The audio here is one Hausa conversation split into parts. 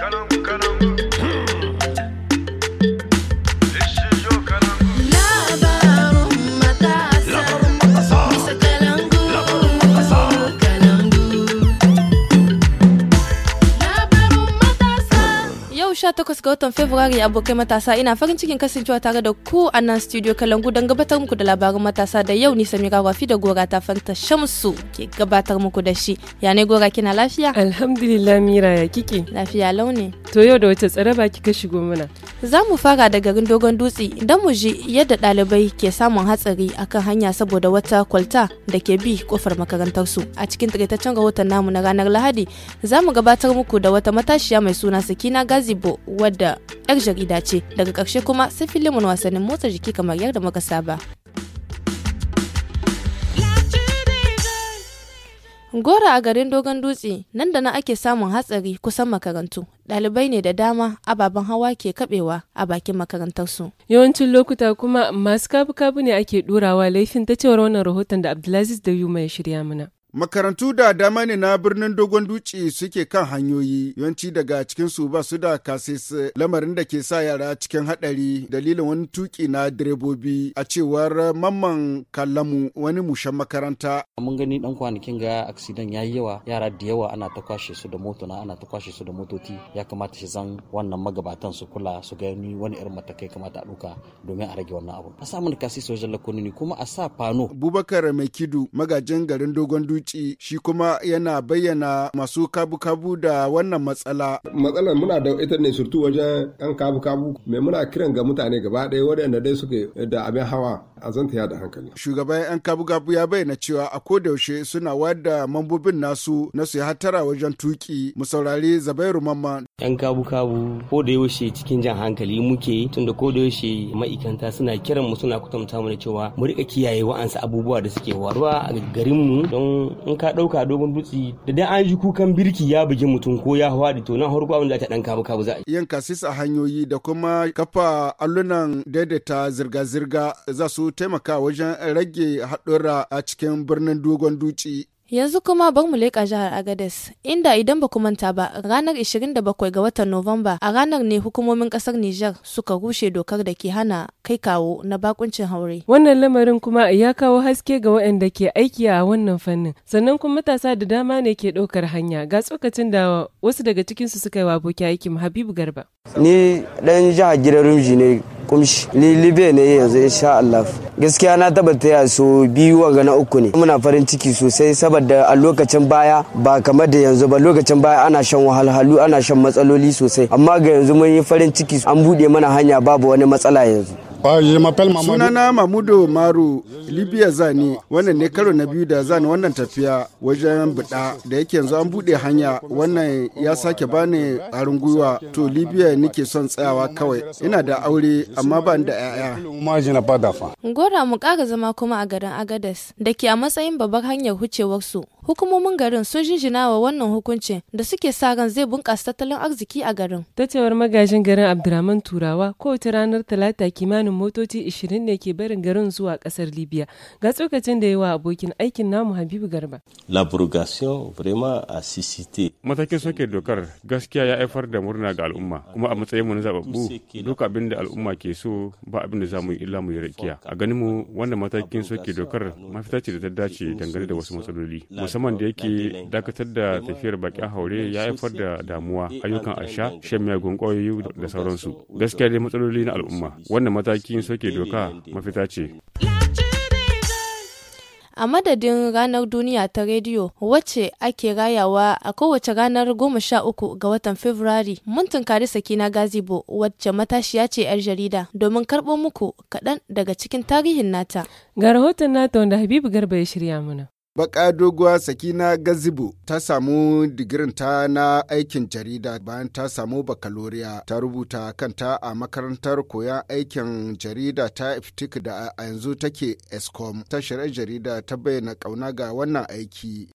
Canam, canam. 18 ga watan Fabrairu abokai matasa ina farin cikin kasancewa tare da ku a nan studio Kalangu don gabatar muku da labarin matasa da yau ni Samira Wafi da Gora ta fanta Shamsu ke gabatar muku da shi. Ya ne Gora kina lafiya? Alhamdulillah Mira ya kike. Lafiya launi. To yau da wace tsaraba kika shigo mana? Za mu fara da garin Dogon Dutse don mu ji yadda ɗalibai ke samun hatsari a kan hanya saboda wata kwalta da ke bi kofar makarantarsu. A cikin takaitaccen rahoton namu na ranar Lahadi, za mu gabatar muku da wata matashiya mai suna Sakina Gazibo wadda 'yar jarida ce. Daga ƙarshe kuma sai filimin wasannin motsa jiki kamar yadda muka saba. Gora a garin Dogon Dutse nan da nan ake samun hatsari kusan makarantu. Ɗalibai ne da dama ababen hawa ke kabewa a bakin makarantarsu. Yawancin lokuta kuma masu kabu-kabu ne ake ɗorawa laifin ta cewar wannan rahoton da Abdulaziz da Yuma ya shirya mana. Makarantu da dama ne na birnin Dogon Duci suke kan hanyoyi, yawanci daga cikinsu ba su da kasis lamarin da ke sa yara cikin haɗari dalilin wani tuki na direbobi a cewar mamman kallamu wani mushen makaranta. Mun gani dan kwanakin ga aksidan ya yi yawa, yara da yawa ana ta kwashe su da motona, ana ta kwashe su da motoci, ya kamata shi zan wannan magabatan su kula su gani wani irin matakai kamata a ɗauka domin a rage wannan abu. A sa mun kasis wajen lakonni kuma a sa fano. Bubakar mai kidu magajin garin Dogon Duci cuci shi kuma yana bayyana masu kabu-kabu da wannan matsala. Matsalar muna da ita ne surtu wajen 'yan kabu-kabu mai muna kiran ga mutane gaba ɗaya waɗanda dai suke da abin hawa a zanta da hankali. Shugaban 'yan kabu-kabu ya bayyana cewa a kodayaushe suna wada mambobin nasu na su hatara wajen tuki mu saurari Zabairu Mamman. 'Yan kabu-kabu ko da yaushe cikin jan hankali muke tunda ko da yaushe ma'aikanta suna kiran mu suna kutamta mu da cewa mu rika kiyaye wa'ansu abubuwa da suke waruwa a garinmu don in ka ɗauka dogon dutse da dan an ji kukan birki ya bugi mutum ko ya hawa da to nan harko abin da ta dan kabu kabu za a yi. Yanka sisa hanyoyi da kuma kafa allunan daidaita zirga-zirga za su taimaka wajen rage haɗura a cikin birnin dogon dutse. Yanzu kuma bar mu leƙa jihar Agadez, inda idan ba manta ba ranar 27 ga watan Nuwamba a ranar ne hukumomin ƙasar Nijar suka rushe dokar da ke hana kai kawo na bakuncin haure. Wannan lamarin kuma ya kawo haske ga waɗanda ke aiki a wannan fannin, sannan kuma matasa da dama ne ke ɗaukar hanya ga tsokacin da wasu daga cikinsu suka yi wa abokin aikin Habibu Garba. Ni ɗan jihar Gidan Rumji ne kumshi lilibe ne yanzu insha Allah gaskiya na tabbata ya so biyu wanga na uku ne muna farin ciki sosai saboda a lokacin baya ba kamar da yanzu ba lokacin baya ana shan wahalhalu ana shan matsaloli sosai amma ga yanzu mun yi farin ciki an buɗe mana hanya babu wani matsala yanzu sunana mamudo maru libya zani wannan ne karo na biyu da zani wannan tafiya wajen buɗa da yake yanzu an buɗe hanya wannan ya sake bani harin gwiwa to libya nike son tsayawa kawai ina da aure amma ba da 'ya'ya gora mu kaga zama kuma a garin agadas da ke a matsayin babbar hanyar hucewar su Hukumomin garin sun jinjina wa wannan hukuncin da suke sa ran zai bunƙasa tattalin arziki a garin. Ta cewar magajin garin Abdurrahman Turawa kowace ranar Talata kimanin motoci 20 ne ke barin garin zuwa kasar Libya. Ga tsokacin da yawa abokin aikin namu Habibu Garba. la purgation vraiment a suscité. Matakin soke dokar gaskiya ya haifar da murna ga al'umma kuma a matsayin mu na zababbu duk abin da al'umma ke so ba abin da za yi illa mu yi rakiya. A ganin mu wannan matakin soke dokar mafita ce da ta dace dangane da wasu matsaloli. Musamman musamman da yake dakatar da tafiyar bakin haure ya haifar da damuwa ayyukan asha shan miyagun kwayoyi da sauransu gaskiya dai matsaloli na al'umma wannan matakin soke doka mafita ce a madadin ranar duniya ta rediyo wacce ake rayawa a kowace ranar goma sha uku ga watan Fabrairu mun tunkari sakina gazibo wacce matashiya ce 'yar jarida domin karɓo muku kaɗan daga cikin tarihin nata ga rahoton nata wanda habibu garba ya shirya mana Baka doguwa Sakina Gazibu ta samu digirinta na aikin jarida bayan ta samu bakaloriya ta rubuta kanta a makarantar koyon aikin jarida ta iftik da a yanzu take escom ta shirar jarida ta bayyana kauna ga wannan aiki.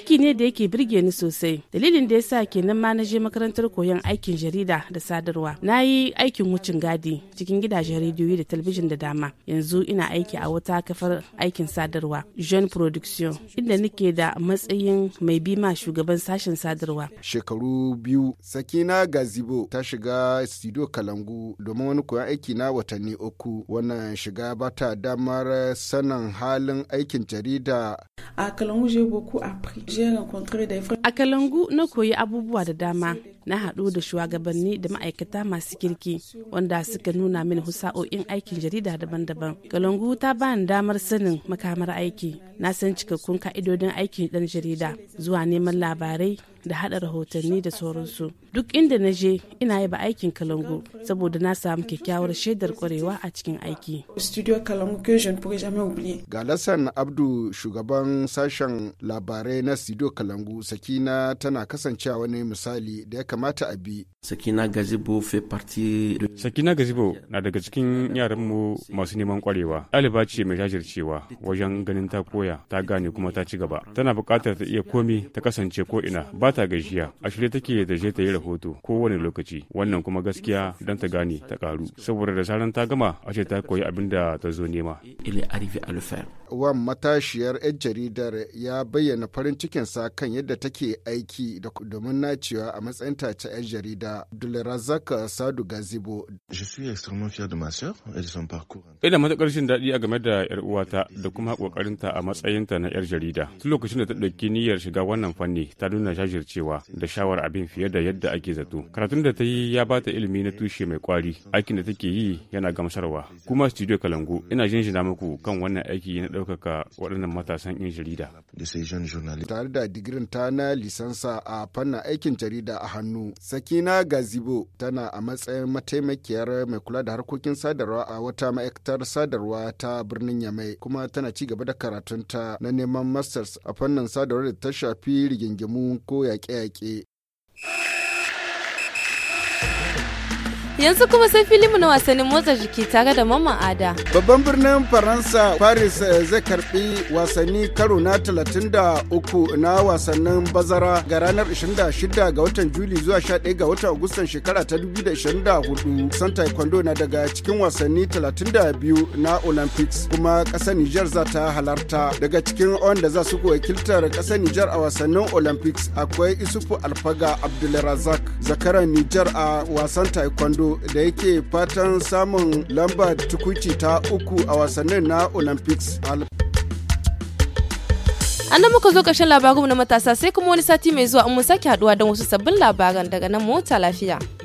aiki ne da yake birge ni sosai dalilin da yasa kenan ma na je makarantar koyon aikin jarida da sadarwa na yi aikin wucin gadi cikin gidajen rediyoyi da talbijin da dama yanzu ina aiki a wata kafar aikin sadarwa jean production inda nake da matsayin mai bima shugaban sashen sadarwa shekaru biyu sakina gazibo ta shiga studio kalangu domin wani koyon aiki na watanni uku wannan shiga bata damar sanin halin aikin jarida a kalangu je boku A Kalangu na koyi abubuwa da dama na haɗu da shugabanni da ma'aikata masu kirki wanda suka nuna min husa'o'in aikin jarida daban-daban. Kalangu ta bani damar sanin makamar aiki. Na san cikakkun ka'idodin aikin ɗan jarida zuwa neman labarai da haɗa rahotanni da sauransu. duk inda na je ina yaba aikin kalango saboda na samu kyakkyawar shaidar kwarewa a cikin aiki ga lasan abdu shugaban sashen labarai na studio kalangu sakina tana kasancewa ne misali da ya kamata a bi sakina gazibo sakina gazibo na daga cikin yaranmu masu neman kwarewa ɗaliba ce mai jajircewa wajen ganin ta koya ta gane kuma ta ci gaba tana buƙatar ta iya komi ta kasance ko ina ba ta gajiya a shirye take da je ta yi rahoto kowane lokaci wannan kuma gaskiya don ta gane ta karu saboda da zaran ta gama ce ta koyi abin da ta zo nema wan matashiyar 'yan jaridar ya bayyana farin cikinsa kan yadda take aiki domin nacewa a matsayin ta ta 'yan jarida dulrazak sadu gazibo ina matuƙar jin daɗi a game da 'yar uwata da kuma ƙoƙarinta a matsayinta na 'yar jarida tun lokacin da ta ɗauki niyyar shiga wannan fanni ta nuna jajircewa da shawar abin fiye da yadda ake zato karatun da ta yi ya ba ta ilimi na tushe mai kwari aikin da take yi yana gamsarwa kuma studio kalangu ina jinjina muku kan wannan aiki na ɗaukaka waɗannan matasan yan jarida tare da digirin ta na lisansa a fannin aikin jarida a hannu sakina gazibo tana a matsayin mataimakiyar mai kula da harkokin sadarwa a wata ma'aikatar sadarwa ta birnin yamai kuma tana ci gaba da karatunta na neman masters a fannin sadarwa da ta shafi rigingimu ko yaƙe-yaƙe Yanzu kuma sai filimu na wasannin motsa jiki tare da Mamman Ada. Babban birnin Faransa Paris eh, zai karbi wasanni karo na 33 na wasannin bazara ga ranar 26 ga watan Juli zuwa 11 ga watan Agustan shekara ta 2024. San Taekwondo na daga cikin wasanni 32 na Olympics kuma kasar niger za ta halarta. Daga cikin wanda za su wakiltar kasar Nijar a wasannin Olympics akwai Isufu Alfaga Abdulrazak zakaran Nijar a wasan Taekwondo da yake fatan samun lamba tukuci ta uku a wasannin na Olympics. An muka zo ƙarshen labarin na matasa sai kuma wani sati mai zuwa mun sake haduwa don wasu sabbin labaran daga nan mota lafiya.